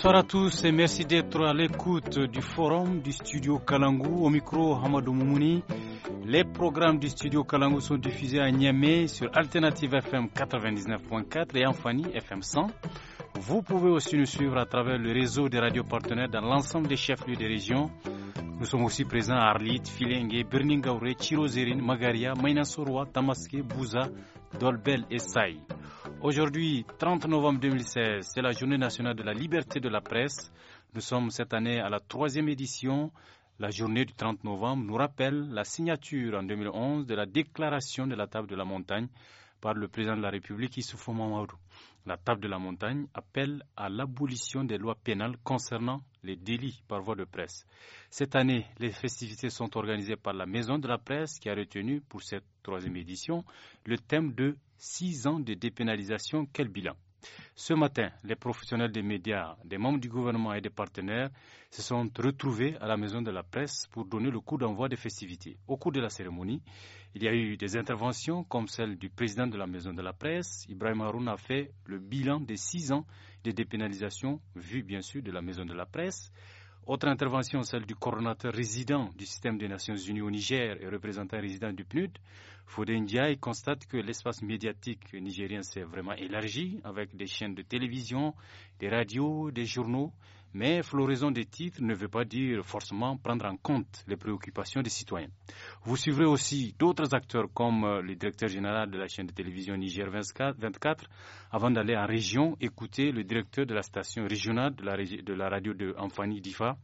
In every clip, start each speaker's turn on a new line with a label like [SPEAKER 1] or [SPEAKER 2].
[SPEAKER 1] Bonsoir à tous et merci d'être à l'écoute du forum du studio Kalangou. Au micro, Hamadou Moumouni. Les programmes du studio Kalangu sont diffusés à Niamey sur Alternative FM 99.4 et Amphani FM 100. Vous pouvez aussi nous suivre à travers le réseau des radios partenaires dans l'ensemble des chefs-lieux des régions. Nous sommes aussi présents à Arlit, Filengue, Birningaure, Chirozérine, Magaria, Mainasoroa, Tamaske, Bouza, Dolbel et Aujourd'hui, 30 novembre 2016, c'est la journée nationale de la liberté de la presse. Nous sommes cette année à la troisième édition. La journée du 30 novembre nous rappelle la signature en 2011 de la déclaration de la table de la montagne par le président de la République Issoufou Mamadou. La table de la montagne appelle à l'abolition des lois pénales concernant les délits par voie de presse. Cette année, les festivités sont organisées par la Maison de la Presse qui a retenu pour cette troisième édition le thème de six ans de dépénalisation, quel bilan ce matin, les professionnels des médias, des membres du gouvernement et des partenaires se sont retrouvés à la maison de la presse pour donner le coup d'envoi des festivités. Au cours de la cérémonie, il y a eu des interventions comme celle du président de la maison de la presse. Ibrahim Haroun a fait le bilan des six ans des dépénalisations vues, bien sûr de la maison de la presse. Autre intervention, celle du coordonnateur résident du système des Nations Unies au Niger et représentant résident du PNUD, Foden Ndiaye constate que l'espace médiatique nigérien s'est vraiment élargi avec des chaînes de télévision, des radios, des journaux, mais floraison des titres ne veut pas dire forcément prendre en compte les préoccupations des citoyens. Vous suivrez aussi d'autres acteurs comme euh, le directeur général de la chaîne de télévision Niger 24 avant d'aller en région écouter le directeur de la station régionale de la, radio de Amfani Difa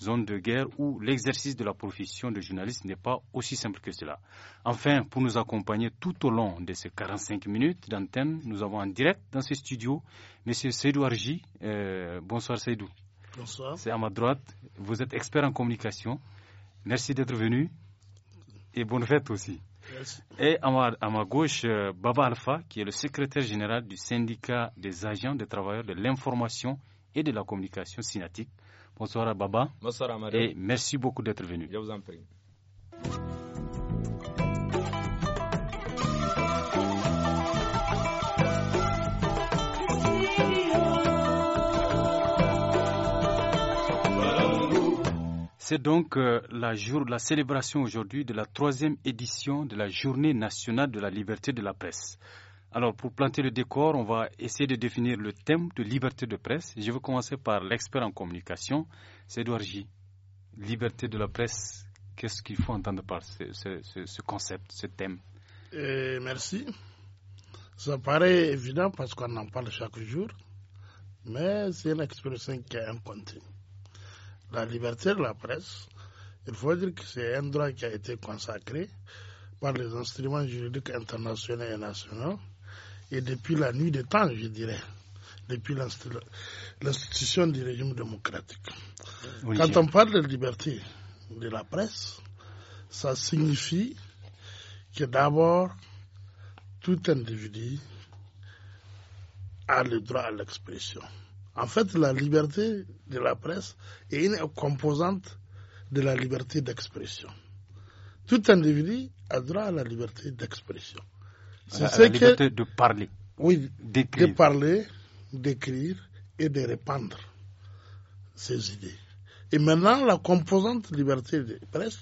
[SPEAKER 1] zone de guerre où l'exercice de la profession de journaliste n'est pas aussi simple que cela. Enfin, pour nous accompagner tout au long de ces 45 minutes d'antenne, nous avons en direct dans ce studio M. Seydou Arji. Euh, bonsoir Seydou. Bonsoir. C'est à ma droite. Vous êtes expert en communication. Merci d'être venu et bonne fête aussi. Merci. Et à ma, à ma gauche, euh, Baba Alpha, qui est le secrétaire général du syndicat des agents des travailleurs de l'information et de la communication cinétique. Bonsoir à Baba. Bonsoir à Marie. Et merci beaucoup d'être venu. Je vous en prie. C'est donc euh, la, jour, la célébration aujourd'hui de la troisième édition de la Journée nationale de la liberté de la presse. Alors, pour planter le décor, on va essayer de définir le thème de liberté de presse. Je vais commencer par l'expert en communication, c'est Edouard J. Liberté de la presse, qu'est-ce qu'il faut entendre par ce, concept, ce thème
[SPEAKER 2] Merci. Ça paraît évident parce qu'on en parle chaque jour, mais c'est une expression qui est incontinue. La liberté de la presse, il faut dire que c'est un droit qui a été consacré par les instruments juridiques internationaux et nationaux et depuis la nuit des temps, je dirais, depuis l'institution du régime démocratique. Quand on parle de liberté de la presse, ça signifie que d'abord, tout individu a le droit à l'expression. En fait, la liberté de la presse est une composante de la liberté d'expression. Tout individu a droit à la liberté d'expression. C'est la, liberté de parler. Oui, de parler, d'écrire et de répandre ses idées. Et maintenant, la composante liberté de presse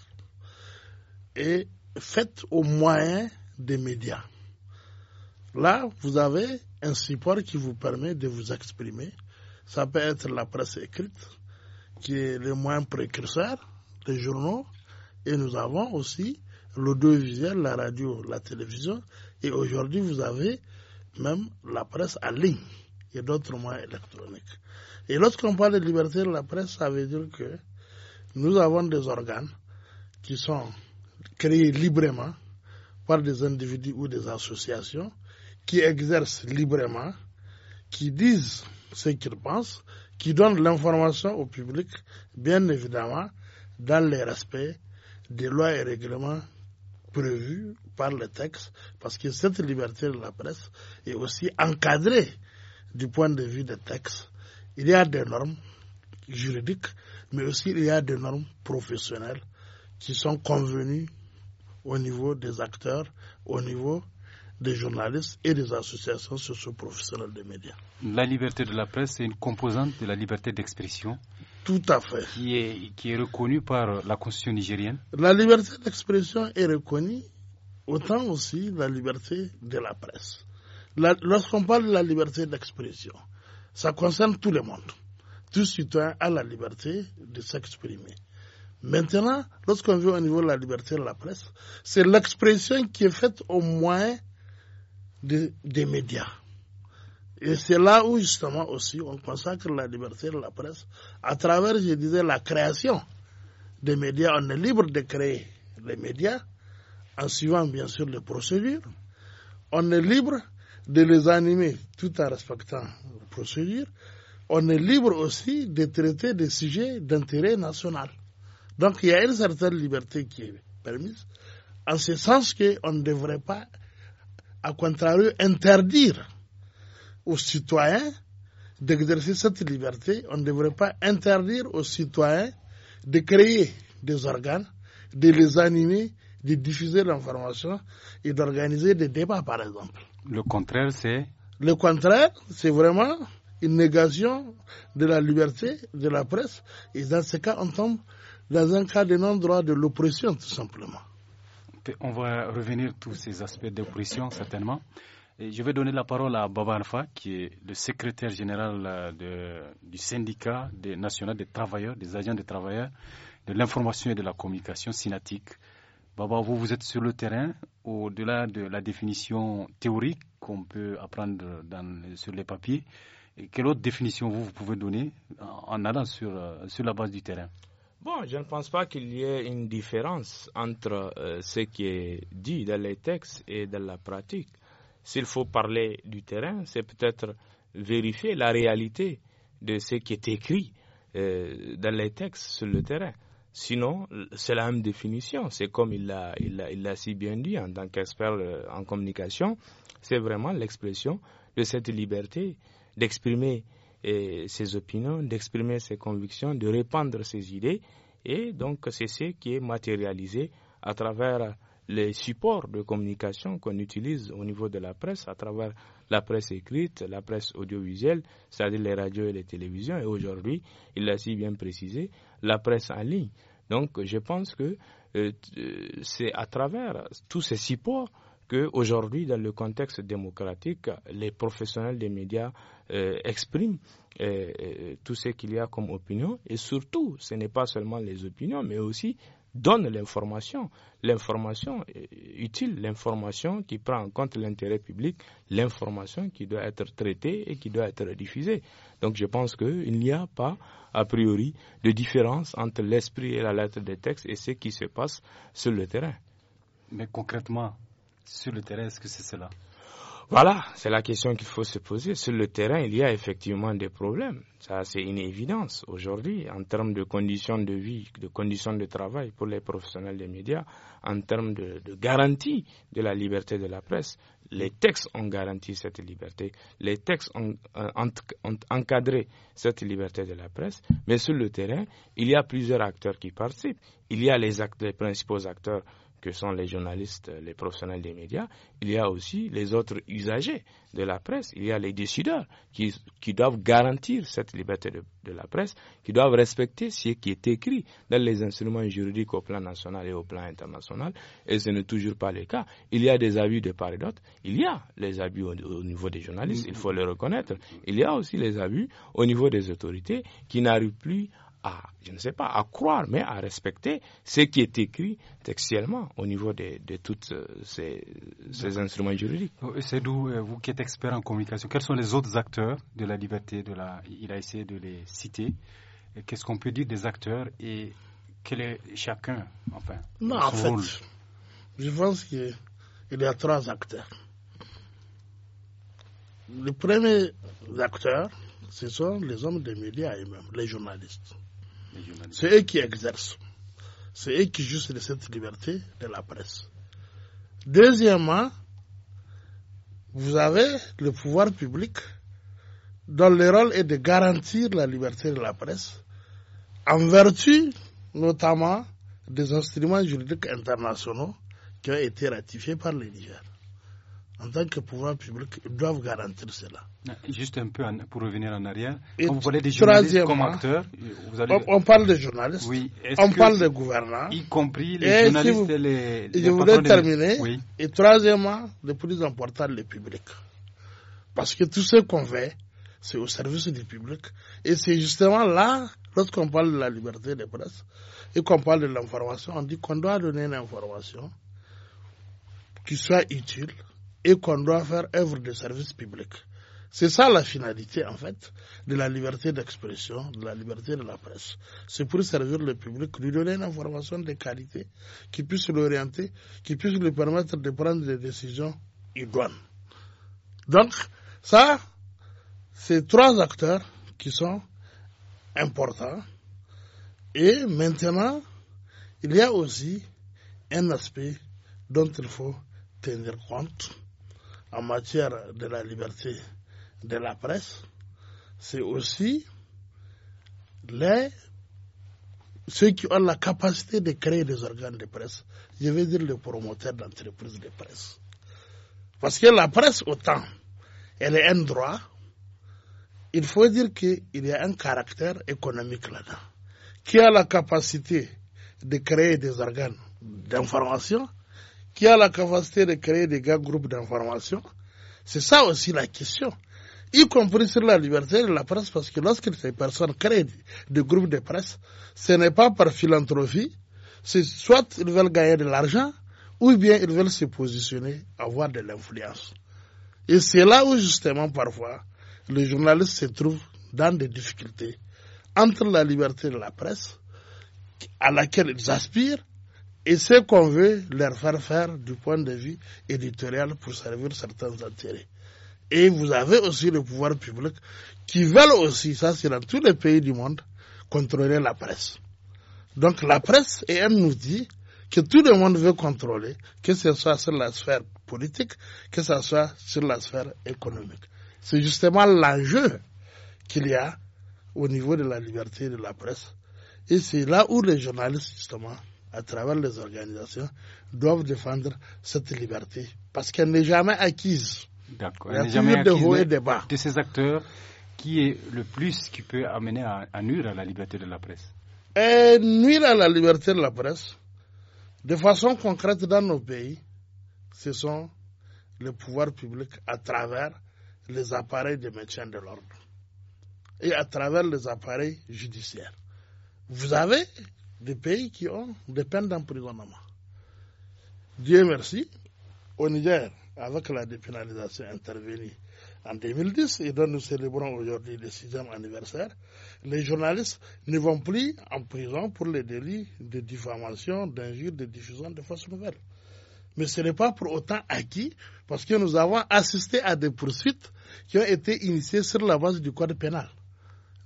[SPEAKER 2] est faite au moyen des médias. Là, vous avez un support qui vous permet de vous exprimer. Ça peut être la presse écrite, qui est le moyen précurseur, des journaux, et nous avons aussi l'audiovisuel, la radio, la télévision, et aujourd'hui, vous avez même la presse en ligne et d'autres moyens électroniques. Et lorsqu'on parle de liberté de la presse, ça veut dire que nous avons des organes qui sont créés librement par des individus ou des associations qui exercent librement, qui disent ce qu'ils pensent, qui donnent l'information au public, bien évidemment, dans le respect des lois et règlements prévue par le texte, parce que cette liberté de la presse est aussi encadrée du point de vue des textes. Il y a des normes juridiques, mais aussi il y a des normes professionnelles qui sont convenues au niveau des acteurs, au niveau des journalistes et des associations socioprofessionnelles des médias.
[SPEAKER 1] La liberté de la presse est une composante de la liberté d'expression. Tout à fait. Qui est, qui est reconnu par la constitution nigérienne
[SPEAKER 2] La liberté d'expression est reconnue, autant aussi la liberté de la presse. Lorsqu'on parle de la liberté d'expression, ça concerne tout le monde. Tout citoyen a la liberté de s'exprimer. Maintenant, lorsqu'on veut au niveau de la liberté de la presse, c'est l'expression qui est faite au moins des médias. Et c'est là où justement aussi on consacre la liberté de la presse à travers, je disais, la création des médias. On est libre de créer les médias en suivant bien sûr les procédures. On est libre de les animer tout en respectant les procédures. On est libre aussi de traiter des sujets d'intérêt national. Donc il y a une certaine liberté qui est permise, en ce sens qu'on ne devrait pas, à contrario, interdire aux citoyens d'exercer cette liberté. On ne devrait pas interdire aux citoyens de créer des organes, de les animer, de diffuser l'information et d'organiser des débats, par exemple.
[SPEAKER 1] Le contraire, c'est
[SPEAKER 2] Le contraire, c'est vraiment une négation de la liberté de la presse. Et dans ce cas, on tombe dans un cas de non-droit de l'oppression, tout
[SPEAKER 1] simplement. On va revenir tous ces aspects d'oppression, certainement je vais donner la parole à Baba Alfa, qui est le secrétaire général euh, du syndicat des national des travailleurs, des agents des travailleurs, de l'information et de la communication synatique. Baba, vous, vous êtes sur le terrain, au-delà de la définition théorique qu'on peut apprendre sur les papiers. quelle autre définition vous, pouvez donner en allant sur, euh, sur la base du terrain
[SPEAKER 3] Bon, je ne pense pas qu'il y ait une différence entre euh, ce qui est dit dans les textes et dans la pratique. S'il faut parler du terrain, c'est peut-être vérifier la réalité de ce qui est écrit euh, dans les textes sur le terrain. Sinon, c'est la même définition. C'est comme il l'a si bien dit en tant qu'expert euh, en communication, c'est vraiment l'expression de cette liberté d'exprimer euh, ses opinions, d'exprimer ses convictions, de répandre ses idées. Et donc, c'est ce qui est matérialisé à travers les supports de communication qu'on utilise au niveau de la presse, à travers la presse écrite, la presse audiovisuelle, c'est-à-dire les radios et les télévisions, et aujourd'hui, il l'a si bien précisé, la presse en ligne. Donc je pense que euh, euh, c'est à travers tous ces supports qu'aujourd'hui, dans le contexte démocratique, les professionnels des médias euh, expriment tout ce qu'il y a comme opinion. Et surtout, ce n'est pas seulement les opinions, mais aussi donne l'information, l'information utile, l'information qui prend en compte l'intérêt public, l'information qui doit être traitée et qui doit être diffusée. Donc je pense qu'il n'y a pas, a priori, de différence entre l'esprit et la lettre des textes et ce qui se passe sur le terrain.
[SPEAKER 1] Mais concrètement, sur le terrain, est-ce que c'est cela
[SPEAKER 3] voilà, c'est la question qu'il faut se poser. Sur le terrain, il y a effectivement des problèmes. Ça, c'est une évidence aujourd'hui en termes de conditions de vie, de conditions de travail pour les professionnels des médias, en termes de, garantie de la liberté de la presse. Les textes ont garanti cette liberté. Les textes euh, ont, encadré cette liberté de la presse. Mais sur le terrain, il y a plusieurs acteurs qui participent. Il y a les, acteurs, les principaux acteurs que sont les journalistes, les professionnels des médias, il y a aussi les autres usagers de la presse, il y a les décideurs qui, doivent garantir cette liberté de, la presse, qui doivent respecter ce qui est écrit dans les instruments juridiques au plan national et au plan international, et ce n'est toujours pas le cas. Il y a des abus de part et d'autre, il y a les abus au, niveau des journalistes, il faut le reconnaître, il y a aussi les abus au niveau des autorités qui n'arrivent plus à, je ne sais pas, à croire, mais à respecter ce qui est écrit textuellement au niveau de, de tous euh, ces, instruments juridiques.
[SPEAKER 1] Euh, c'est d'où, euh, vous qui êtes expert en communication, quels sont les autres acteurs de la liberté de la... Il a essayé de les citer. Qu'est-ce qu'on peut dire des acteurs et quel est chacun, enfin Non, en fait,
[SPEAKER 2] je pense qu'il y a trois acteurs. Le premier acteur, ce sont les hommes des médias eux-mêmes, les journalistes. C'est eux qui exercent. C'est eux qui jouent de cette liberté de la presse. Deuxièmement, vous avez le pouvoir public dont le rôle est de garantir la liberté de la presse en vertu notamment des instruments juridiques internationaux qui ont été ratifiés par les Niger en tant que pouvoir public,
[SPEAKER 1] ils doivent garantir cela. Ah, juste un peu pour revenir en arrière, quand vous parlez des journalistes comme acteurs, on, parle des journalistes, on parle des gouvernants, y compris les et journalistes et Je voudrais terminer.
[SPEAKER 2] Et troisièmement, le plus important, le public. Parce que tout ce qu'on fait, c'est au service du public. Et c'est justement là, lorsqu'on parle de la liberté de presse et qu'on parle de l'information, on dit qu'on doit donner une information qui soit utile et qu'on doit faire œuvre de service public. C'est ça la finalité, en fait, de la liberté d'expression, de la liberté de la presse. C'est pour servir le public, lui donner une information de qualité qui puisse l'orienter, qui puisse lui permettre de prendre des décisions idoines. Donc, ça, c'est trois acteurs qui sont importants. Et maintenant, il y a aussi un aspect dont il faut tenir compte en matière de la liberté de la presse, c'est aussi les, ceux qui ont la capacité de créer des organes de presse. Je veux dire les promoteurs d'entreprises de presse. Parce que la presse, autant, elle est un droit, il faut dire qu'il y a un caractère économique là-dedans. Qui a la capacité de créer des organes d'information qui a la capacité de créer des grands groupes d'information C'est ça aussi la question y compris sur la liberté de la presse, parce que lorsque ces personnes créent des groupes de presse, ce n'est pas par philanthropie, c'est soit ils veulent gagner de l'argent, ou bien ils veulent se positionner, avoir de l'influence. Et c'est là où justement parfois le journaliste se trouve dans des difficultés entre la liberté de la presse, à laquelle ils aspirent, et c'est qu'on veut leur faire faire du point de vue éditorial pour servir certains intérêts. Et vous avez aussi le pouvoir public qui veulent aussi, ça c'est dans tous les pays du monde, contrôler la presse. Donc la presse elle nous dit que tout le monde veut contrôler, que ce soit sur la sphère politique, que ce soit sur la sphère économique. C'est justement l'enjeu qu'il y a au niveau de la liberté de la presse. Et c'est là où les journalistes, justement, à travers les organisations, doivent défendre cette liberté parce qu'elle n'est jamais acquise.
[SPEAKER 1] D'accord. Elle n'est jamais acquise de, ces acteurs qui est le plus qui peut amener à, nuire à la liberté de la presse et Nuire à la liberté de la presse, de
[SPEAKER 2] façon concrète dans nos pays, ce sont les pouvoirs publics à travers les appareils de maintien de l'ordre et à travers les appareils judiciaires. Vous avez des pays qui ont des peines d'emprisonnement. Dieu merci, au Niger, avec la dépénalisation intervenue en 2010, et dont nous célébrons aujourd'hui le sixième anniversaire, les journalistes ne vont plus en prison pour les délits de diffamation, d'injure, de diffusion de fausses nouvelles. Mais ce n'est pas pour autant acquis, parce que nous avons assisté à des poursuites qui ont été initiées sur la base du code pénal.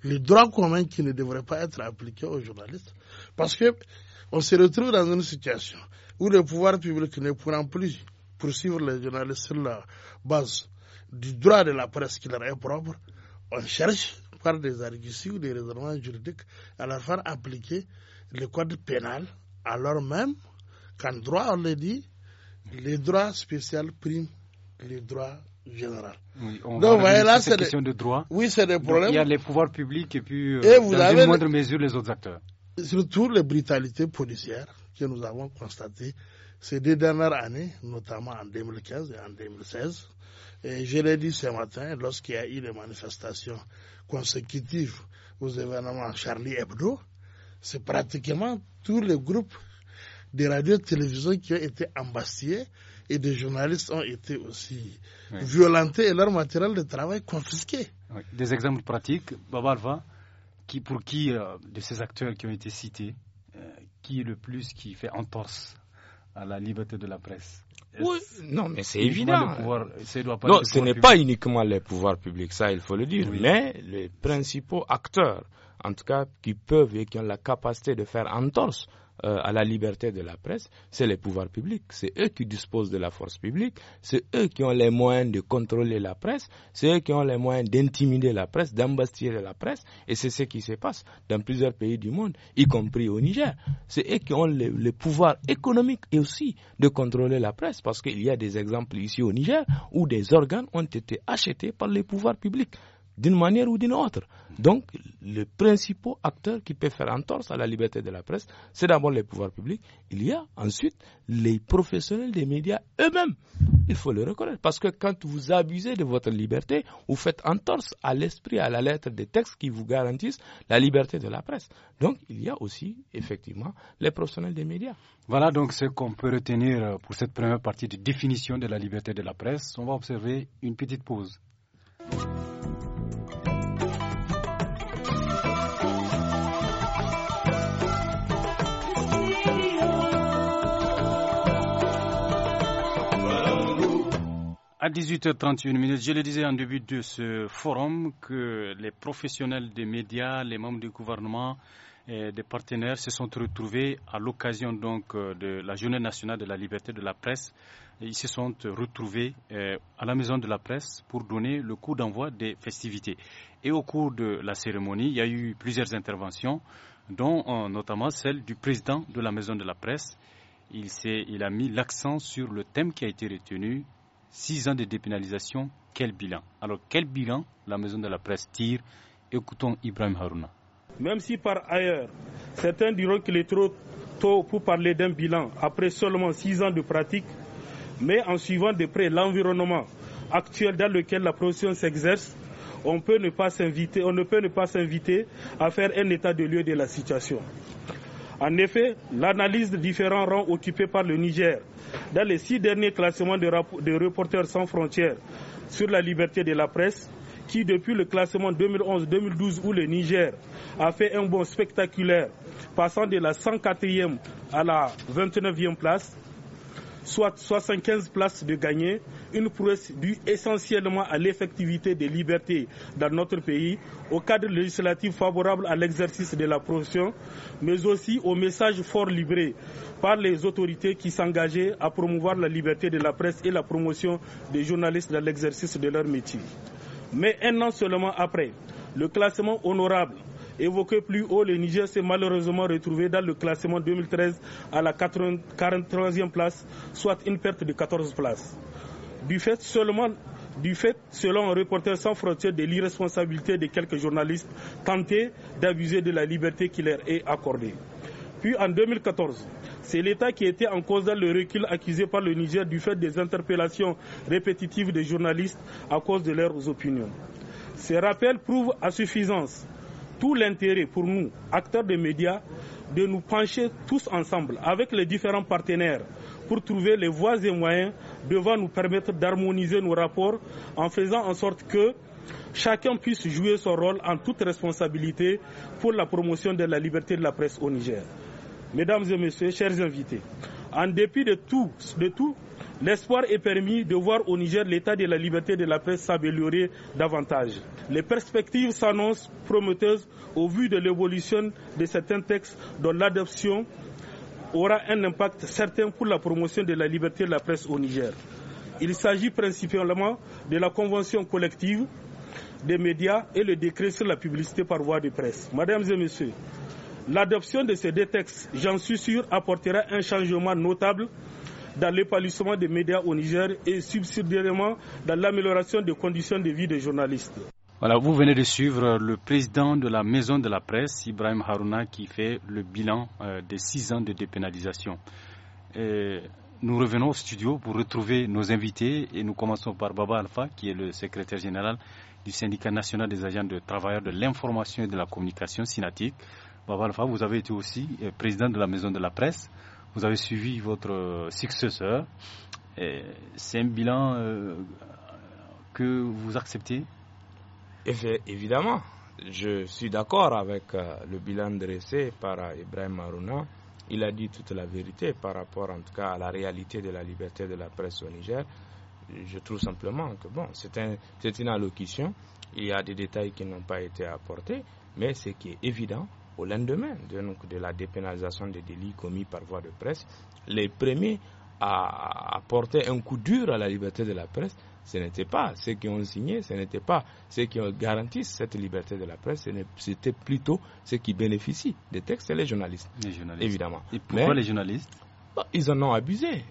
[SPEAKER 2] Les droits communs qui ne devraient pas être appliqués aux journalistes parce que on se retrouve dans une situation où le pouvoir public ne pourra plus poursuivre les journalistes sur la base du droit de la presse qui leur est propre. On cherche par des arguments ou des raisonnements juridiques à leur faire appliquer le code pénal alors même qu'en droit, on le dit, les droits spéciaux priment les droits généraux.
[SPEAKER 1] Donc, voyez là, c'est des... droit. problèmes. il y a les pouvoirs publics et puis, euh, vous dans une moindre mesure, les autres acteurs.
[SPEAKER 2] Surtout les brutalités policières que nous avons constatées ces deux dernières années, notamment en 2015 et en 2016. Et je l'ai dit ce matin, lorsqu'il y a eu les manifestations consécutives aux événements Charlie Hebdo, c'est pratiquement tous les groupes de radio-télévision qui ont été embastillés et des journalistes ont été aussi violentés
[SPEAKER 1] et leur matériel de travail confisqué. Des exemples pratiques, Babarva qui, pour qui, euh, de ces acteurs qui ont été cités, euh, qui est le plus qui fait entorse à la liberté de la presse non, mais c'est évident. ce n'est pas
[SPEAKER 3] uniquement les pouvoirs publics, ça il faut le dire, mais les principaux acteurs, en tout cas, qui peuvent et qui ont la capacité de faire entorse euh, à la liberté de la presse, c'est les pouvoirs publics. C'est eux qui disposent de la force publique, c'est eux qui ont les moyens de contrôler la presse, c'est eux qui ont les moyens d'intimider la presse, d'embastiller la presse, et c'est ce qui se passe dans plusieurs pays du monde, y compris au Niger. C'est eux qui ont le, le, pouvoir économique et aussi de contrôler la presse, parce qu'il y a des exemples ici au Niger où des organes ont été achetés par les pouvoirs publics d'une manière ou d'une autre. Donc, le principal acteur qui peut faire entorse à la liberté de la presse, c'est d'abord les pouvoirs publics. Il y a ensuite les professionnels des médias eux-mêmes. Il faut le reconnaître. Parce que quand vous abusez de votre liberté, vous faites entorse à l'esprit, à la lettre des textes qui vous garantissent la liberté de la presse. Donc, il y a aussi, effectivement, les professionnels des médias.
[SPEAKER 1] Voilà donc ce qu'on peut retenir pour cette première partie de définition de la liberté de la presse. On va observer une petite pause. À 18h31, je le disais en début de ce forum que les professionnels des médias, les membres du gouvernement, et des partenaires se sont retrouvés à l'occasion donc euh, de la Journée nationale de la liberté de la presse. Ils se sont retrouvés euh, à la maison de la presse pour donner le coup d'envoi des festivités. Et au cours de la cérémonie, il y a eu plusieurs interventions, dont euh, notamment celle du président de la maison de la presse. Il, il a mis l'accent sur le thème qui a été retenu, six ans de dépénalisation, quel bilan Alors quel bilan la maison de la presse tire Écoutons Ibrahim Harouna.
[SPEAKER 4] Même si par ailleurs, certains diront qu'il est trop tôt pour parler d'un bilan après seulement six ans de pratique, mais en suivant de près l'environnement actuel dans lequel la profession s'exerce, on ne on ne peut ne pas s'inviter à faire un état de lieu de la situation. En effet, l'analyse des différents rangs occupés par le Niger dans les six derniers classements de, Reporters sans frontières sur la liberté de la presse qui, depuis le classement 2011-2012 où le Niger a fait un bond spectaculaire, passant de la 104e à la 29e place, soit 75 places de gagnées, une prouesse due essentiellement à l'effectivité des libertés dans notre pays, au cadre législatif favorable à l'exercice de la profession, mais aussi au message fort libéré par les autorités qui s'engageaient à promouvoir la liberté de la presse et la promotion des journalistes dans l'exercice de leur métier. Mais un an seulement après, le classement honorable évoqué plus haut, le Niger s'est malheureusement retrouvé dans le classement 2013 à la 43e place, soit une perte de 14 places du fait seulement du fait, selon un reporter sans frontières, de l'irresponsabilité de quelques journalistes tentés d'abuser de la liberté qui leur est accordée. Puis en 2014, c'est l'État qui était en cause dans le recul accusé par le Niger du fait des interpellations répétitives des journalistes à cause de leurs opinions. Ces rappels prouvent à suffisance tout l'intérêt pour nous, acteurs des médias, de nous pencher tous ensemble avec les différents partenaires pour trouver les voies et moyens devant nous permettre d'harmoniser nos rapports en faisant en sorte que chacun puisse jouer son rôle en toute responsabilité pour la promotion de la liberté de la presse au Niger. Mesdames et messieurs, chers invités, en dépit de tout, de tout l'espoir est permis de voir au Niger l'état de la liberté de la presse s'améliorer davantage. Les perspectives s'annoncent prometteuses au vu de l'évolution de certains textes dont l'adoption aura un impact certain pour la promotion de la liberté de la presse au Niger. Il s'agit principalement de la convention collective des médias et le décret sur la publicité par voie de presse. Mesdames et messieurs, l'adoption de ces deux textes, j'en suis sûr, apportera un changement notable dans l'épanouissement des médias au Niger et subsidiairement dans l'amélioration des conditions de vie des journalistes.
[SPEAKER 1] Voilà, vous venez de suivre le président de la maison de la presse, Ibrahim Harouna, qui fait le bilan euh, des six ans de dépénalisation. nous revenons au studio pour retrouver nos invités et nous commençons par Baba Alpha, qui est le secrétaire général du syndicat national des agents de travailleurs de l'information et de la communication Synatique. Baba Alpha, vous avez été aussi euh, président de la maison de la presse. Vous avez suivi votre euh, successeur. C'est un bilan que vous acceptez évidemment, je suis d'accord avec euh,
[SPEAKER 3] le bilan dressé par euh, Ibrahim Marouna. Il a dit toute la vérité par rapport en tout cas à la réalité de la liberté de la presse au Niger. Je trouve simplement que bon, c'est une allocution. Il y a des détails qui n'ont pas été apportés, mais ce qui est évident, au lendemain de, de la dépénalisation des délits commis par voie de presse, les premiers à apporter un coup dur à la liberté de la presse, ce n'était pas. Ceux qui ont signé, ce n'était pas. Ceux qui ont garantissent cette liberté de la presse, c'était plutôt ceux qui bénéficient des textes, c'est les journalistes. Évidemment. Et pourquoi les journalistes Ils en ont abusé.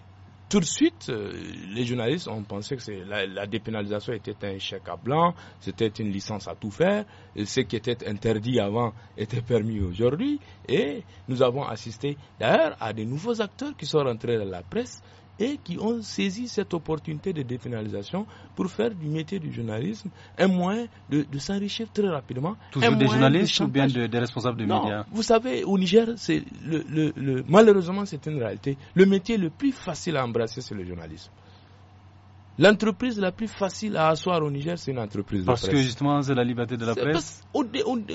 [SPEAKER 3] Tout de suite, euh, les journalistes ont pensé que la, dépénalisation était un chèque à blanc, c'était une licence à tout faire, ce qui était interdit avant était permis aujourd'hui, et nous avons assisté d'ailleurs à des nouveaux acteurs qui sont rentrés dans la presse, et qui ont saisi cette opportunité de définalisation pour faire du métier du journalisme un moyen de, s'enrichir très rapidement. Toujours des journalistes ou
[SPEAKER 1] bien des responsables de non, médias
[SPEAKER 3] Vous savez, au Niger, le, le, le, malheureusement, c'est une réalité. Le métier le plus facile à embrasser, c'est le journalisme. L'entreprise la plus facile à asseoir au Niger, c'est une entreprise parce presse. Parce que justement, c'est la liberté de la presse.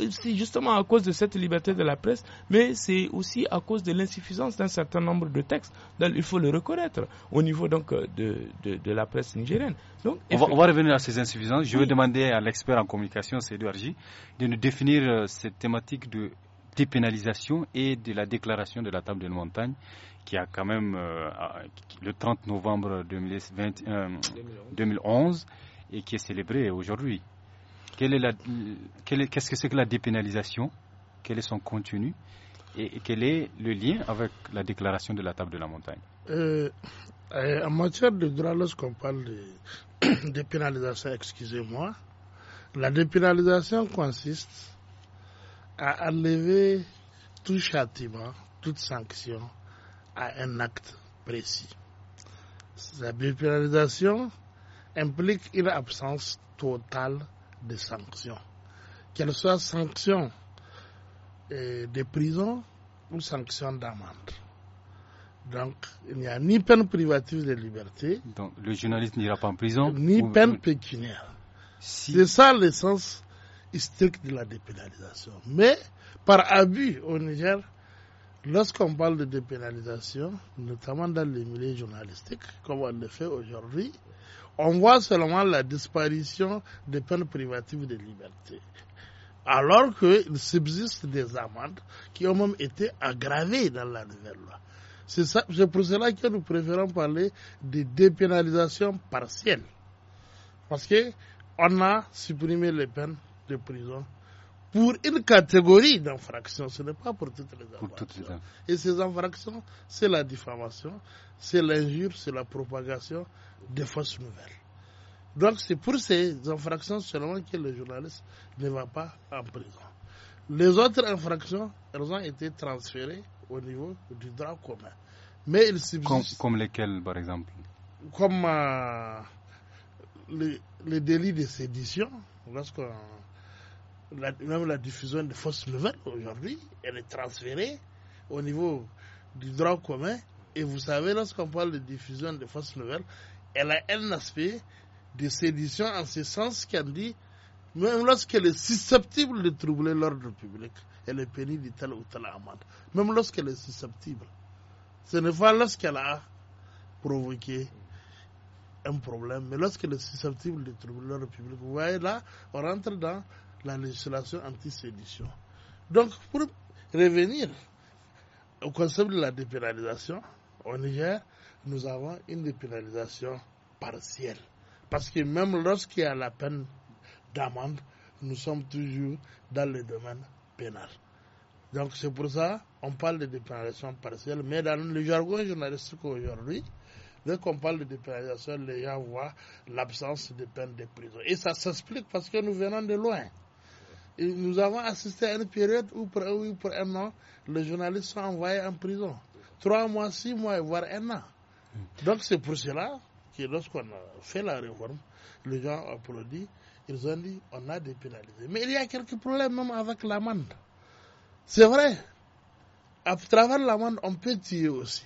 [SPEAKER 3] C'est justement à cause de cette liberté de la presse, mais c'est aussi à cause de l'insuffisance d'un certain nombre de textes. il faut le reconnaître au niveau donc euh, de, de, la presse nigérienne. Donc, on, va,
[SPEAKER 1] revenir à ces insuffisances. Je vais demander à l'expert en communication, Edouard J, de nous définir euh, cette thématique de dépénalisation et de la déclaration de la table de la montagne qui a quand même euh, le 30 novembre 2011 euh, et qui est célébrée aujourd'hui. Qu'est-ce que c'est que la dépénalisation Quel est son contenu et, quel est le lien avec la déclaration de la table de la montagne
[SPEAKER 2] euh, En matière de droit, lorsqu'on parle de dépénalisation, excusez-moi, la dépénalisation consiste à enlever tout châtiment, toute sanction à un acte précis. La bipolarisation implique une absence totale de sanctions, qu'elles soient sanctions euh, de prison ou sanctions d'amende. Donc, il n'y a ni peine privative de liberté.
[SPEAKER 1] le journaliste n'ira pas en prison. Ni peine
[SPEAKER 2] pécuniaire. C'est ça l'essence strict de la dépénalisation. Mais par abus au Niger, lorsqu'on parle de dépénalisation, notamment dans les milieux journalistiques, comme on le fait aujourd'hui, on voit seulement la disparition des peines privatives de liberté. Alors qu'il subsiste des amendes qui ont même été aggravées dans la nouvelle loi. C'est pour cela que nous préférons parler de dépénalisation partielle. Parce que on a supprimé les peines de prison pour une catégorie d'infractions, ce n'est pas pour toutes les infractions. Et ces infractions, c'est la diffamation, c'est l'injure, c'est la propagation des fausses nouvelles. Donc c'est pour ces infractions seulement que le journaliste ne va pas en prison. Les autres infractions, elles ont été transférées au niveau du droit commun.
[SPEAKER 1] Mais Comme, lesquelles, par exemple
[SPEAKER 2] Comme le euh, les, de sédition, lorsqu'on même la diffusion de fausses nouvelles aujourd'hui, elle est transférée au niveau du droit commun. Et vous savez, lorsqu'on parle de diffusion de fausses nouvelles, elle a un aspect de sédition en ce sens qu'elle dit, même lorsqu'elle est susceptible de troubler l'ordre public, elle est punie de telle ou telle amende. Même lorsqu'elle est susceptible. Ce n'est pas lorsqu'elle a provoqué un problème, mais lorsqu'elle est susceptible de troubler l'ordre public. Vous voyez là, on rentre dans la législation anti-sédition. Donc, pour revenir au concept de la dépénalisation, au Niger, nous avons une dépénalisation partielle. Parce que même lorsqu'il y a la peine d'amende, nous sommes toujours dans le domaine pénal. Donc c'est pour ça on parle de dépénalisation partielle, mais dans le jargon journalistique aujourd'hui, dès qu'on parle de dépénalisation, les gens voient l'absence de peine de prison. Et ça s'explique parce que nous venons de loin nous avons assisté à une période où pour un, an, les journalistes sont envoyés en prison. Trois mois, six mois, voire un an. Donc c'est pour cela que lorsqu'on a fait la réforme, les gens ont applaudi, ils ont dit on a dépénalisé. Mais il y a quelques problèmes même avec l'amende. C'est vrai. À travers l'amende, on peut tuer aussi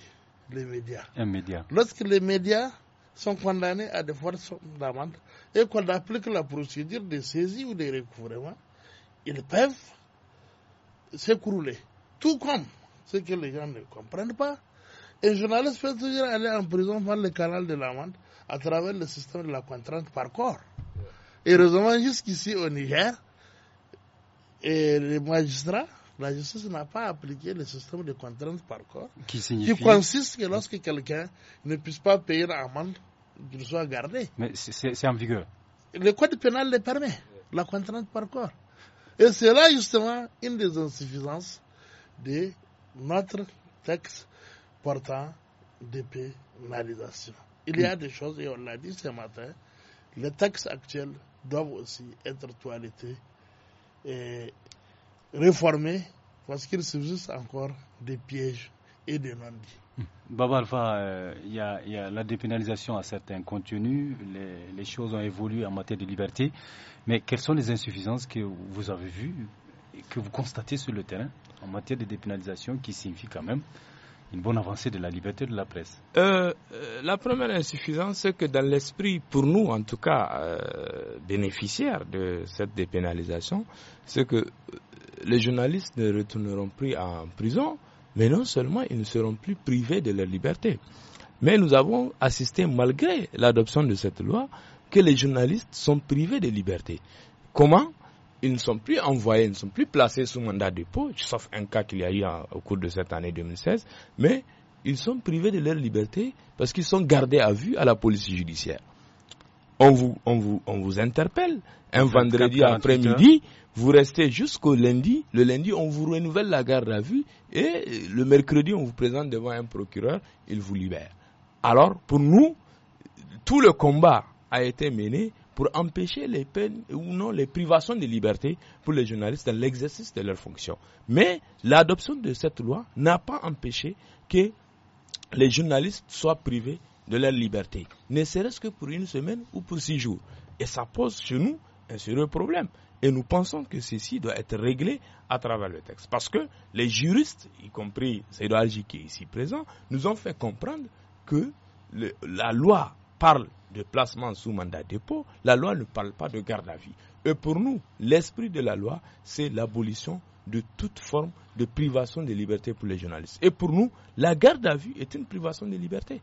[SPEAKER 2] les
[SPEAKER 1] médias. Les médias.
[SPEAKER 2] Lorsque les médias sont condamnés à des forces d'amende et qu'on applique la procédure de saisie ou de recouvrement, ils peuvent s'écrouler. Tout comme ce que les gens ne comprennent pas. Un journaliste peut toujours aller en prison par le canal de l'amende à travers le système de la contrainte par corps. heureusement, jusqu'ici au Niger, et les magistrats, la justice n'a pas appliqué le système de contrainte par corps qui, signifie... qui consiste que lorsque quelqu'un ne puisse pas payer l'amende, il soit gardé.
[SPEAKER 1] Mais c'est en vigueur.
[SPEAKER 2] Le code pénal le permet, la contrainte par corps. Et c'est là justement une des insuffisances de notre texte portant dépénalisation. Il y a mm. des choses, et on l'a dit ce matin, les textes actuels doivent aussi être toilettés et réformés parce qu'il subsiste encore des pièges et des non-dits.
[SPEAKER 1] Baba euh, il il y, a la dépénalisation à certains contenus, les, choses ont évolué en matière de liberté, mais quelles sont les insuffisances que vous avez vues, et que vous constatez sur le terrain en matière de dépénalisation qui signifie quand même une bonne avancée de la liberté de la presse
[SPEAKER 3] euh, euh, La première insuffisance, c'est que dans l'esprit, pour nous en tout cas, bénéficiaires de cette dépénalisation, c'est que les journalistes ne retourneront plus en prison mais non seulement ils ne seront plus privés de leur liberté, mais nous avons assisté, malgré l'adoption de cette loi, que les journalistes sont privés de liberté. Comment ils ne sont plus envoyés, ils ne sont plus placés sous mandat de dépôt, sauf un cas qu'il y a eu au cours de cette année 2016, mais ils sont privés de leur liberté parce qu'ils sont gardés à vue à la police judiciaire on vous, on vous, on vous interpelle. Un vendredi après-midi, vous restez jusqu'au lundi. Le lundi, on vous renouvelle la garde à vue et le mercredi, on vous présente devant un procureur, il vous libère. Alors, pour nous, tout le combat a été mené pour empêcher les peines ou non les privations de liberté pour les journalistes dans l'exercice de leurs fonctions. Mais l'adoption de cette loi n'a pas empêché que les journalistes soient privés de leur liberté, ne serait-ce que pour une semaine ou pour six jours. Et ça pose chez nous un sérieux problème. Et nous pensons que ceci doit être réglé à travers le texte. Parce que les juristes, y compris Seydou Alji qui est ici présent, nous ont fait comprendre que la loi parle de placement sous mandat de dépôt, la loi ne parle pas de garde à vue. Et pour nous, l'esprit de la loi, c'est l'abolition de toute forme de privation de liberté pour les journalistes. Et pour nous, la garde à vue est une privation de liberté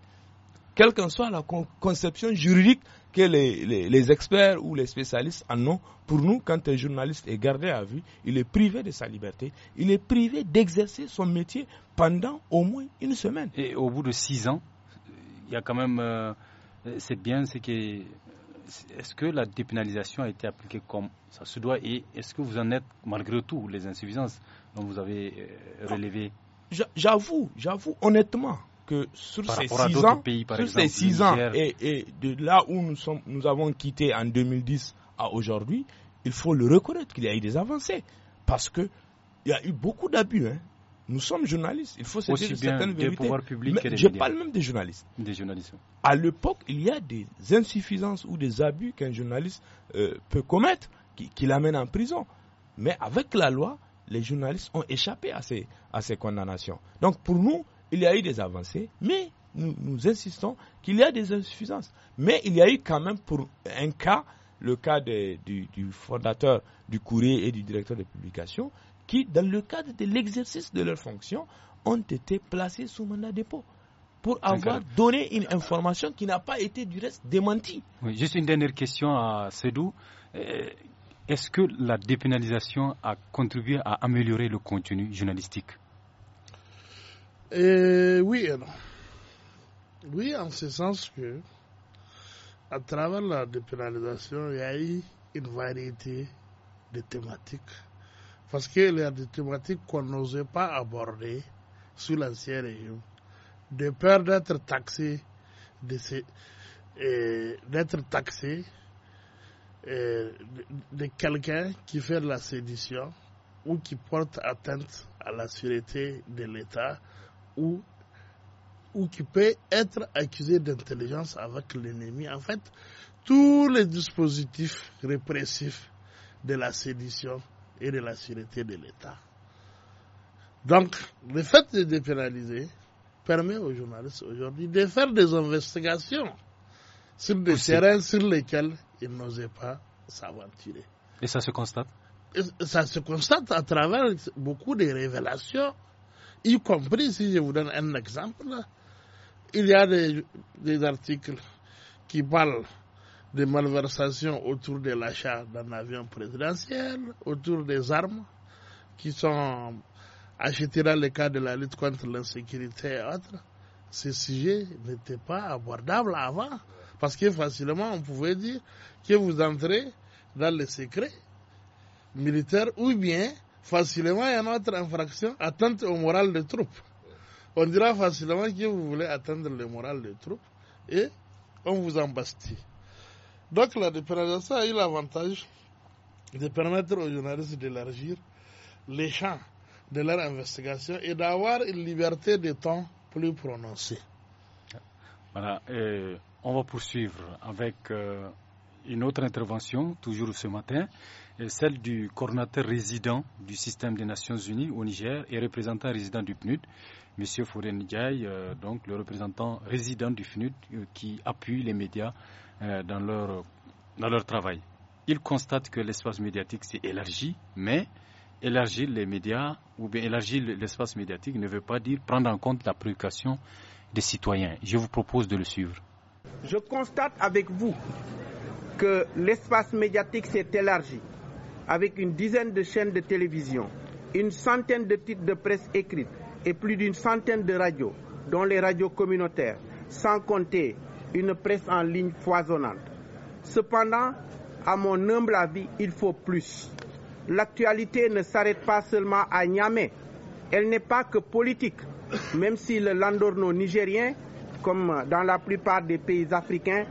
[SPEAKER 3] quelle qu'en soit la conception juridique que les, experts ou les spécialistes en ont. Pour nous, quand un journaliste est gardé à vue, il est privé de sa liberté, il est
[SPEAKER 1] privé d'exercer son métier pendant au moins une semaine. Et au bout de six ans, il y a quand même. Euh, c'est bien, c'est que. Est-ce que la dépénalisation a été appliquée comme ça se doit et est-ce que vous en êtes malgré tout les insuffisances dont vous avez euh, ah, relevé J'avoue, j'avoue honnêtement, que sur ces six
[SPEAKER 5] ans,
[SPEAKER 3] ces six ans et, de là où nous, sommes, nous avons quitté en 2010 à aujourd'hui, il faut le reconnaître qu'il y a eu des avancées. Parce qu'il y a eu beaucoup d'abus. Hein. Nous sommes journalistes. Il faut se certaines je parle même des journalistes. Des journalistes. À l'époque, il y a des insuffisances ou des abus qu'un journaliste euh, peut commettre qui, qui l'amènent en prison. Mais avec la loi, les journalistes ont échappé à ces, à ces condamnations. Donc pour nous, il y a eu des avancées, mais nous, insistons qu'il y a des insuffisances. Mais il y a eu quand même pour un cas, le cas du, fondateur du courrier et du directeur de publication, qui, dans le cadre de l'exercice de leurs fonctions, ont été placés sous mandat dépôt pour avoir donné
[SPEAKER 1] une information qui n'a pas été du reste démentie. juste une dernière question à Sédou. Euh, est-ce que la dépénalisation a contribué à améliorer le contenu journalistique
[SPEAKER 2] et euh, oui et non. Oui, en ce sens que, à travers la dépénalisation, il y a eu une variété de thématiques. Parce qu'il y a des thématiques qu'on n'osait pas aborder sous l'ancien régime, de peur d'être taxé, euh, d'être taxé euh, de, de quelqu'un qui fait de la sédition ou qui porte atteinte à la sûreté de l'État ou, qui peut être accusé d'intelligence avec l'ennemi. En fait, tous les dispositifs répressifs de la sédition et de la sûreté de l'État. Donc, le fait de dépénaliser permet aux journalistes aujourd'hui de faire des investigations sur des terrains sur lesquels ils n'osaient pas s'aventurer. Et ça se constate Ça se constate à travers beaucoup de révélations y compris si je vous donne un exemple, il y a des, articles qui parlent de malversations autour de l'achat d'un avion présidentiel, autour des armes qui sont achetées dans le cas de la lutte contre l'insécurité et autres. Ce sujets n'était pas abordable avant parce que facilement on pouvait dire que vous entrez dans les secrets militaires ou bien facilement y une autre infraction, atteinte au moral des troupes. On dira facilement que vous voulez atteindre le moral des troupes et on vous embastille. Donc la dépénalisation a eu l'avantage de permettre aux journalistes d'élargir les champs de leur investigation et d'avoir une liberté de temps plus prononcée.
[SPEAKER 1] Voilà, on va poursuivre avec euh, une autre intervention, toujours ce matin. Euh, celle du coordinateur résident du système des Nations Unies au Niger et représentant résident du PNUD, M. Foden Ndiaye, euh, donc le représentant résident du PNUD euh, qui appuie les médias dans, leur, dans leur travail. Il constate que l'espace médiatique s'est élargi, mais élargir les médias ou bien élargir l'espace médiatique ne veut pas dire prendre en compte la préoccupation des citoyens. Je vous propose de le suivre.
[SPEAKER 6] Je constate avec vous que l'espace médiatique s'est élargi, avec une dizaine de chaînes de télévision, une centaine de titres de presse écrite et plus d'une centaine de radios, dont les radios communautaires, sans compter une presse en ligne foisonnante. Cependant, à mon humble avis, il faut plus. L'actualité ne s'arrête pas seulement à Niamey. Elle n'est pas que politique, même si le landorno nigérien, comme dans la plupart des pays africains,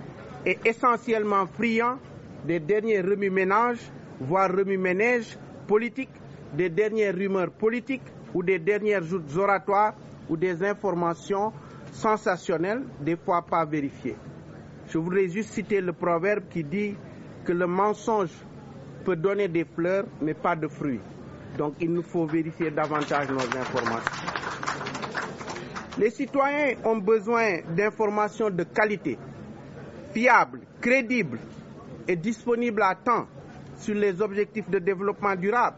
[SPEAKER 6] est essentiellement friand des derniers remue-ménages voire remue-ménage politique, des dernières rumeurs politiques ou des dernières joutes oratoires ou des informations sensationnelles, des fois pas vérifiées. Je voudrais juste citer le proverbe qui dit que le mensonge peut donner des fleurs, mais pas de fruits. Donc il nous faut vérifier davantage nos informations. Les citoyens ont besoin d'informations de qualité, fiables, crédibles et disponibles à temps sur les objectifs de développement durable,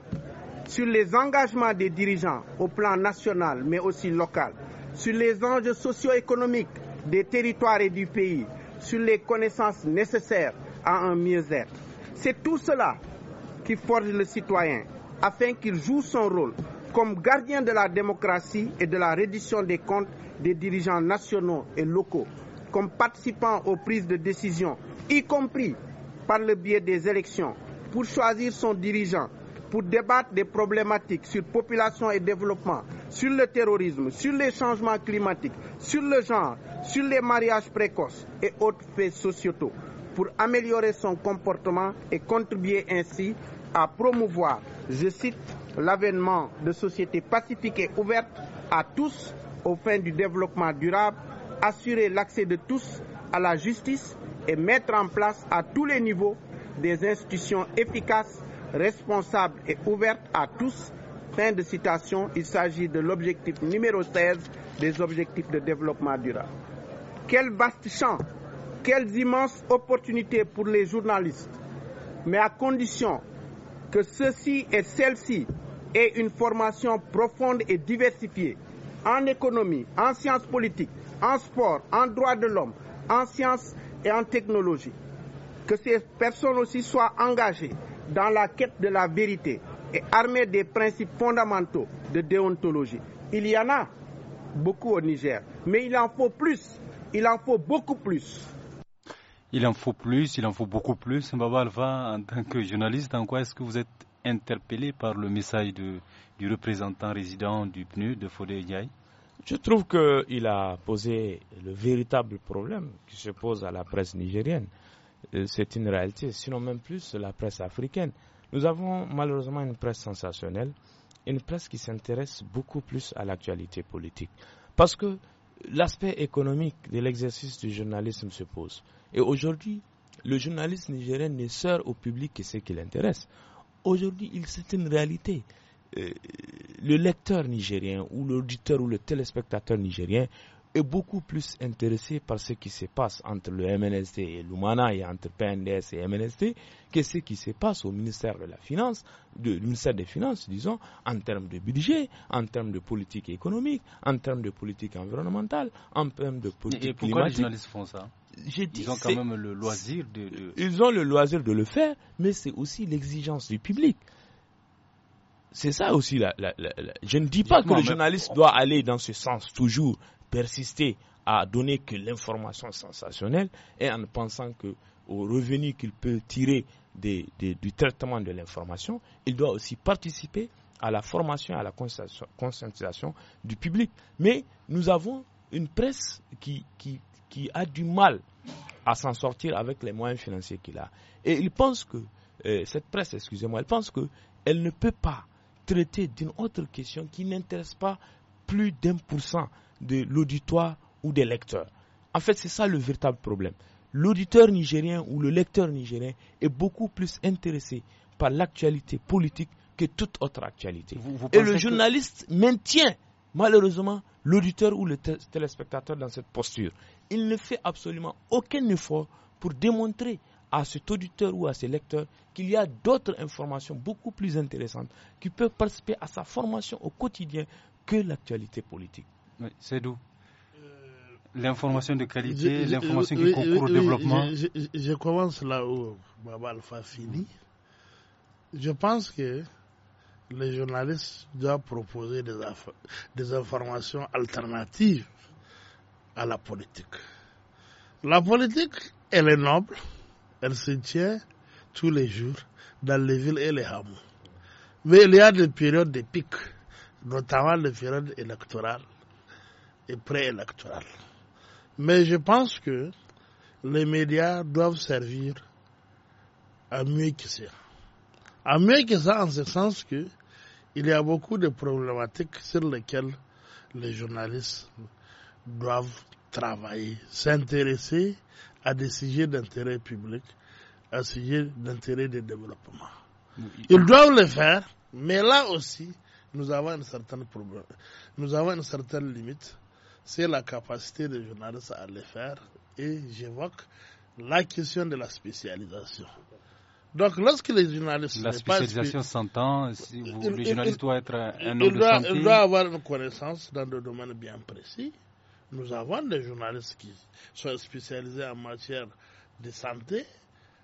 [SPEAKER 6] sur les engagements des dirigeants au plan national mais aussi local, sur les enjeux socio-économiques des territoires et du pays, sur les connaissances nécessaires à un mieux-être. C'est tout cela qui forge le citoyen afin qu'il joue son rôle comme gardien de la démocratie et de la reddition des comptes des dirigeants nationaux et locaux, comme participant aux prises de décision, y compris par le biais des élections, pour choisir son dirigeant, pour débattre des problématiques sur population et développement, sur le terrorisme, sur les changements climatiques, sur le genre, sur les mariages précoces et autres faits sociétaux, pour améliorer son comportement et contribuer ainsi à promouvoir, je cite, l'avènement de sociétés pacifiques et ouvertes à tous aux fins du développement durable, assurer l'accès de tous à la justice et mettre en place à tous les niveaux des institutions efficaces, responsables et ouvertes à tous. Fin de citation, il s'agit de l'objectif numéro 16 des objectifs de développement durable. Quel vaste champ, quelles immenses opportunités pour les journalistes, mais à condition que ceux-ci et celles-ci aient une formation profonde et diversifiée en économie, en sciences politiques, en sport, en droits de l'homme, en sciences et en technologie que ces personnes aussi soient engagées dans la quête de la vérité et armées des principes fondamentaux de déontologie. Il y en a beaucoup au Niger, mais il en faut plus, il en faut beaucoup plus.
[SPEAKER 1] Il en faut plus, il en faut beaucoup plus. Mbaba Alva, en tant que journaliste, en quoi est-ce que vous êtes interpellé par le message du représentant résident du PNU, de Fodé Ndiaye Je trouve qu'il a posé le véritable
[SPEAKER 3] problème qui se pose à la presse nigérienne. Euh, c'est une réalité, sinon même plus la presse africaine. Nous avons malheureusement une presse sensationnelle, une presse qui s'intéresse beaucoup plus à l'actualité politique. Parce que l'aspect économique de l'exercice du journalisme se pose. Et aujourd'hui, le journaliste nigérien ne sert au public que ce qui l'intéresse. Aujourd'hui, c'est une réalité. Euh, le lecteur nigérien ou l'auditeur ou le téléspectateur nigérien est beaucoup plus intéressé par ce qui se passe entre le MNST et l'UMANA et entre PNDS et MNST que ce qui se passe au ministère de la Finance, de, du ministère des Finances, disons, en termes de budget, en termes de politique économique, en termes de politique environnementale, en termes de politique et pourquoi les journalistes font ça ils ont quand même le
[SPEAKER 1] loisir de,
[SPEAKER 3] Ils ont le loisir de le faire, mais c'est aussi l'exigence du public. C'est ça aussi. La, je ne dis pas que le journaliste doit aller dans ce sens toujours, persister à donner que l'information sensationnelle et en pensant que au revenu qu'il peut tirer du traitement de l'information, il doit aussi participer à la formation, à la conscientisation du public. Mais nous avons une presse qui, a du mal à s'en sortir avec les moyens financiers qu'il a. Et il pense que, euh, cette presse, excusez-moi, elle pense qu'elle ne peut pas traiter d'une autre question qui n'intéresse pas plus d'un pour cent de l'auditoire ou des lecteurs. En fait, c'est ça le véritable problème. L'auditeur nigérien ou le lecteur nigérien est beaucoup plus intéressé par l'actualité politique que toute autre actualité. Et le journaliste maintient malheureusement l'auditeur ou le téléspectateur dans cette posture. Il ne fait absolument aucun effort pour démontrer à cet auditeur ou à ses lecteurs qu'il y a d'autres informations beaucoup plus intéressantes qui peuvent participer à sa formation au quotidien
[SPEAKER 1] que l'actualité politique. Oui, c'est d'où euh, L'information de qualité, l'information qui concourt au développement.
[SPEAKER 2] Je, commence là où Baba Alpha finit. Je pense que les journalistes doivent proposer des, des informations alternatives à la politique. La politique, elle est noble, elle se tient tous les jours dans les villes et les hameaux. Mais il y a des périodes de pic, notamment les périodes électorales et préélectoral. Mais je pense que les médias doivent servir à mieux que ça. À mieux que ça, en ce sens que il y a beaucoup de problématiques sur lesquelles les journalistes doivent travailler, s'intéresser à des sujets d'intérêt public, à des sujets d'intérêt de développement. Ils doivent le faire, mais là aussi, nous avons une certaine, problème. Nous avons une certaine limite c'est la capacité des journalistes à le faire et j'évoque la question de la spécialisation. Donc, lorsque
[SPEAKER 1] les journalistes. La spécialisation s'entend, si le journaliste doit être un homme de Il doit
[SPEAKER 2] avoir une connaissance dans des domaines bien précis. Nous avons des journalistes qui sont spécialisés en matière de santé,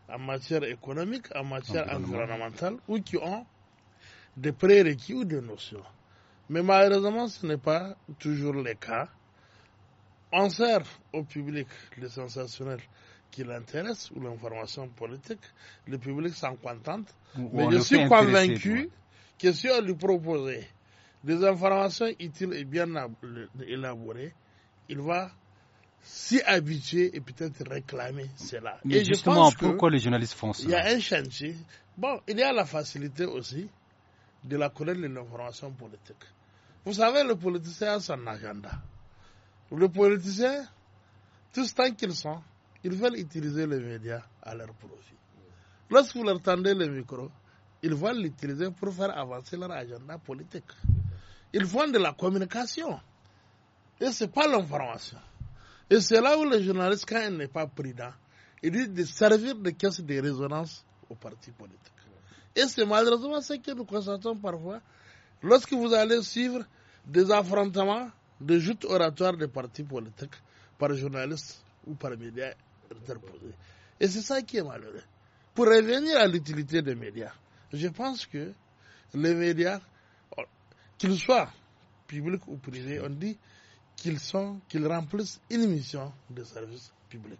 [SPEAKER 2] en matière économique, en matière environnementale, ou qui ont des prérequis ou des notions. Mais malheureusement, ce n'est pas toujours le cas on sert au public les sensationnels qui l'intéressent ou l'information politique, le public s'en contente. mais je suis convaincu que si on lui proposait des informations utiles et bien élaborées, il va s'y habituer et peut-être réclamer cela. Mais et justement, pourquoi
[SPEAKER 1] les journalistes font ça Il
[SPEAKER 2] y a un chantier. Bon, il y a la facilité aussi de la colère de l'information politique. Vous savez, le politicien a son agenda. Le politicien, tous temps qu'ils sont, ils veulent utiliser les médias à leur profit. Lorsque vous leur tendez le micro, ils veulent l'utiliser pour faire avancer leur agenda politique. Ils font de la communication. Et ce n'est pas l'information. Et c'est là où le journaliste, quand il n'est pas prudent, il dit de servir de caisse de résonance au parti politique. Et c'est malheureusement ce que nous constatons parfois. Lorsque vous allez suivre des affrontements de joutes oratoires des partis politiques par journalistes ou par médias interposés. Et c'est ça qui est malheureux. Pour revenir à l'utilité des médias, je pense que les médias, qu'ils soient publics ou privés, on dit qu'ils sont, qu'ils remplissent une mission de service public.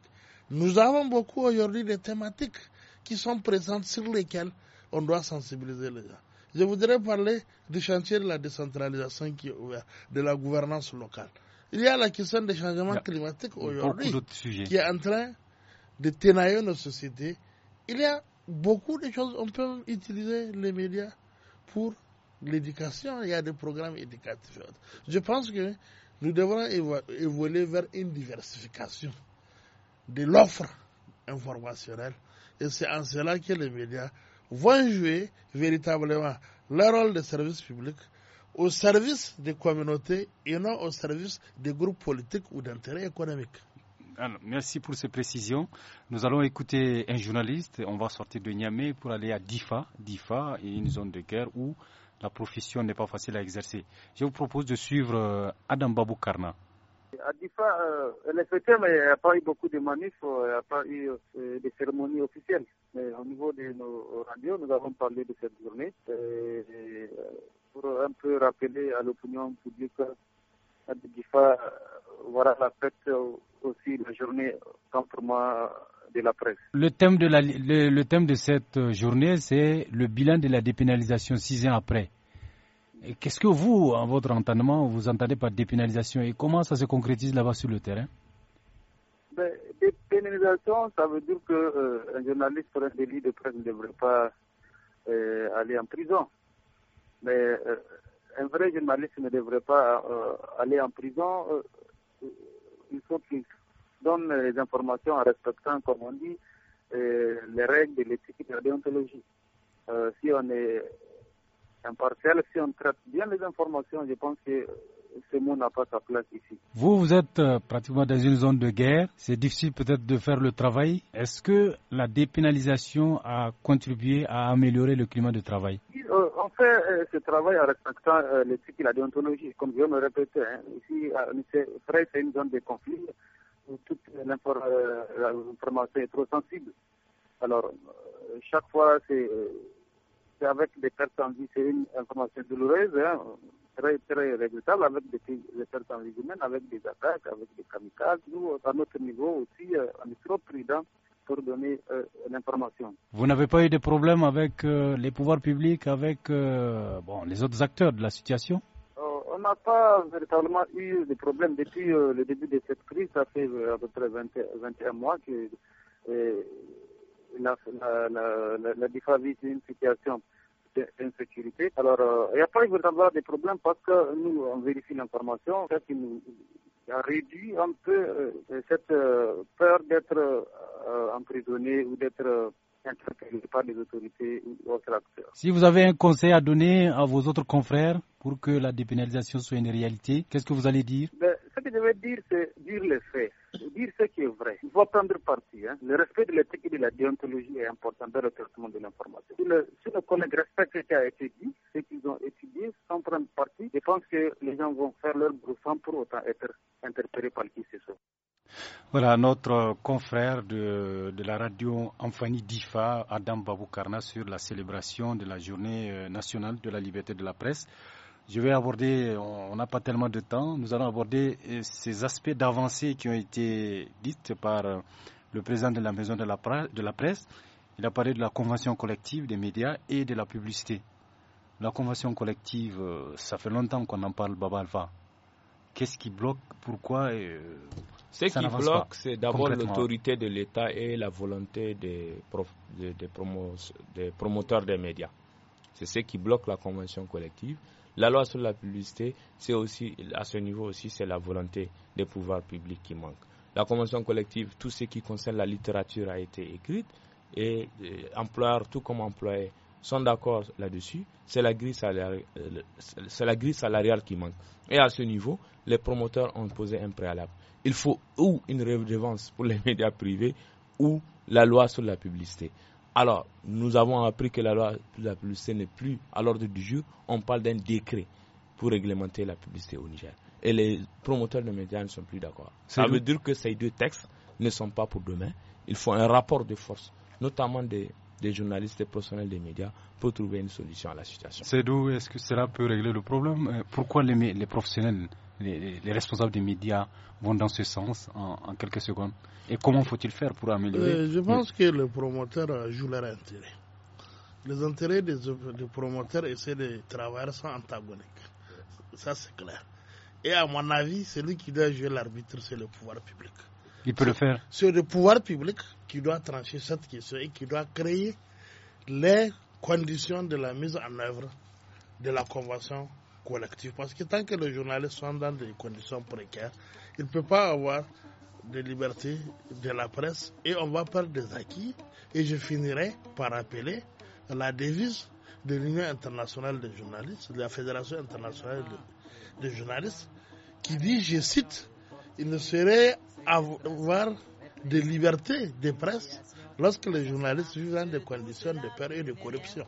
[SPEAKER 2] Nous avons beaucoup aujourd'hui des thématiques qui sont présentes sur lesquelles on doit sensibiliser les gens. Je voudrais parler du chantier de la décentralisation qui est ouvert, de la gouvernance locale. Il y a la question des changements climatiques aujourd'hui qui est en train de ténayer nos sociétés. Il y a beaucoup de choses. On peut utiliser les médias pour l'éducation. Il y a des programmes éducatifs. Je pense que nous devrons évoluer vers une diversification de l'offre informationnelle. Et c'est en cela que les médias vont jouer véritablement le rôle de service public au service des communautés et non au service des groupes politiques ou d'intérêts économiques.
[SPEAKER 1] merci pour ces précisions. Nous allons écouter un journaliste. On va sortir de Niamey pour aller à Difa. Difa est une zone de guerre où la profession n'est pas facile à exercer. Je vous propose de suivre euh, Adam Babou
[SPEAKER 5] à Difa, euh, mais il n'y a pas eu beaucoup de manifs, il euh, n'y a pas eu euh, de cérémonies officielles. Mais au niveau de nos radios, nous avons parlé de cette journée et, euh, pour un peu rappeler à l'opinion publique à Difa, voilà la fête aussi la journée contre moi de la presse.
[SPEAKER 1] Le thème de, la, le, le thème de cette journée, c'est le bilan de la dépénalisation six ans après. Qu'est-ce que vous, en votre entendement, vous entendez par dépénalisation et comment ça se concrétise là-bas sur le terrain
[SPEAKER 5] ben, Dépénalisation, ça veut dire qu'un euh, un journaliste pour un délit de presse ne devrait pas euh, aller en prison. Mais euh, un vrai journaliste ne devrait pas aller en prison. il faut qu'il donne les informations en respectant, comme on dit, les règles de l'éthique et de la déontologie. si on est impartial. Si on traite bien les informations, je pense que ce monde n'a pas sa place ici.
[SPEAKER 1] Vous, vous êtes euh, pratiquement dans une zone de guerre. C'est difficile peut-être de faire le travail. Est-ce que la dépénalisation a contribué à améliorer le climat de travail
[SPEAKER 5] On euh, fait euh, ce travail en respectant l'éthique et la déontologie. Comme je viens de le répéter, hein, ici, c'est une zone de conflit où toute l'information est trop sensible. Alors, chaque fois, c'est avec des pertes en vie, c'est une information douloureuse, hein, très, très regrettable, avec des, pertes en vie humaine, avec des attaques, avec des kamikazes. Nous, à notre niveau aussi, euh, on est trop prudents pour donner l'information. Euh,
[SPEAKER 1] Vous n'avez pas eu de problème avec euh, les pouvoirs publics, avec bon, les autres acteurs de la situation
[SPEAKER 5] on n'a pas véritablement eu de problème depuis le début de cette crise. Ça fait à peu près 21 mois que la, la, est une situation d'insécurité. Alors, euh, il n'y a pas véritablement des problèmes parce que nous, on vérifie l'information. En fait, nous a réduit un peu euh, cette euh, peur d'être emprisonné ou d'être interpellé par les autorités ou autres acteurs.
[SPEAKER 1] Si vous avez un conseil à donner à vos autres confrères pour que la dépénalisation soit une réalité, qu'est-ce que vous allez dire
[SPEAKER 5] ben, que je vais dire, c'est dire les faits, dire ce qui est vrai. Il faut prendre parti. Hein. Le respect de l'éthique et de la déontologie est important dans le traitement de l'information. Si le, si le collègue respecte ce qui a été dit, ce qu'ils ont étudié, sans prendre parti, je pense que les gens vont faire leur boulot sans pour autant être interpellés par qui c'est soit.
[SPEAKER 1] Voilà, notre confrère de, la radio Amfani Difa, Adam Baboukarna, sur la célébration de la journée euh, nationale de la liberté de la presse. Je vais aborder, on n'a pas tellement de temps, nous allons aborder euh, ces aspects d'avancée qui ont été dites par euh, le président de la maison de la, de la presse. Il a parlé de la convention collective des médias et de la publicité. La convention collective, euh, ça fait longtemps qu'on en parle, Baba Alpha. Qu'est-ce qui bloque Pourquoi Ce qui bloque, c'est d'abord l'autorité
[SPEAKER 3] de l'État et la volonté des, des promoteurs des médias. C'est ce qui bloque la convention collective. La loi sur la publicité, c'est aussi, à ce niveau aussi, c'est la volonté des pouvoirs publics qui manque. La convention collective, tout ce qui concerne la littérature a été écrite et les euh, employeurs, tout comme employés, sont d'accord là-dessus. Euh, c'est la, grille salariale, qui manque. Et à ce niveau, les promoteurs ont posé un préalable. Il faut ou une redevance pour les médias privés ou la loi sur la publicité. Alors, nous avons appris que la loi de la publicité n'est plus à l'ordre du jour. On parle d'un décret pour réglementer la publicité au Niger. Et les promoteurs de médias ne sont plus d'accord. Ça veut dire que ces deux textes ne sont pas pour demain. Il faut un rapport de force, notamment des, journalistes et personnels des médias, pour trouver une solution à la situation.
[SPEAKER 1] C'est d'où est-ce que cela peut régler le problème euh, Pourquoi les professionnels les, responsables des médias vont dans ce sens en, quelques secondes Et comment faut-il faire pour améliorer euh,
[SPEAKER 2] Je pense que les promoteurs jouent leur intérêt. Les intérêts des, des promoteurs ceux des travailleurs sont antagoniques. Ça, c'est clair. Et à mon avis, celui qui doit jouer l'arbitre, c'est le pouvoir public. Il peut le faire C'est le pouvoir public qui doit trancher cette question et qui doit créer les conditions de la mise en œuvre de la Convention collectif Parce que tant que les journalistes sont dans des conditions précaires, il ne peut pas avoir de liberté de la presse et on va perdre des acquis. Et je finirai par appeler la devise de l'Union internationale des journalistes, de la Fédération internationale des journalistes, qui dit, je cite, il ne serait avoir de liberté de presse lorsque les journalistes vivent dans des conditions de peur et de corruption.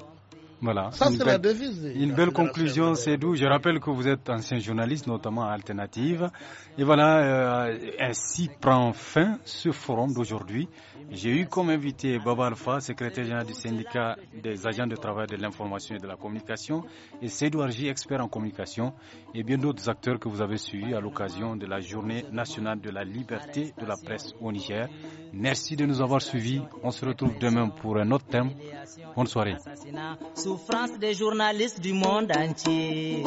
[SPEAKER 1] Voilà. Ça, Une belle conclusion, c'est Je rappelle que vous êtes ancien journaliste, notamment Alternative. Et voilà, euh, ainsi prend fin ce forum d'aujourd'hui. J'ai eu comme invité Baba Alpha, secrétaire général du syndicat des agents de travail de l'information et de la communication, et Cédou Arji, expert en communication, et bien d'autres acteurs que vous avez suivis à l'occasion de la journée nationale de la liberté de la presse au Niger. Merci de nous avoir suivis. On se retrouve demain pour un autre thème. Bonne soirée.
[SPEAKER 4] France des journalistes du monde entier.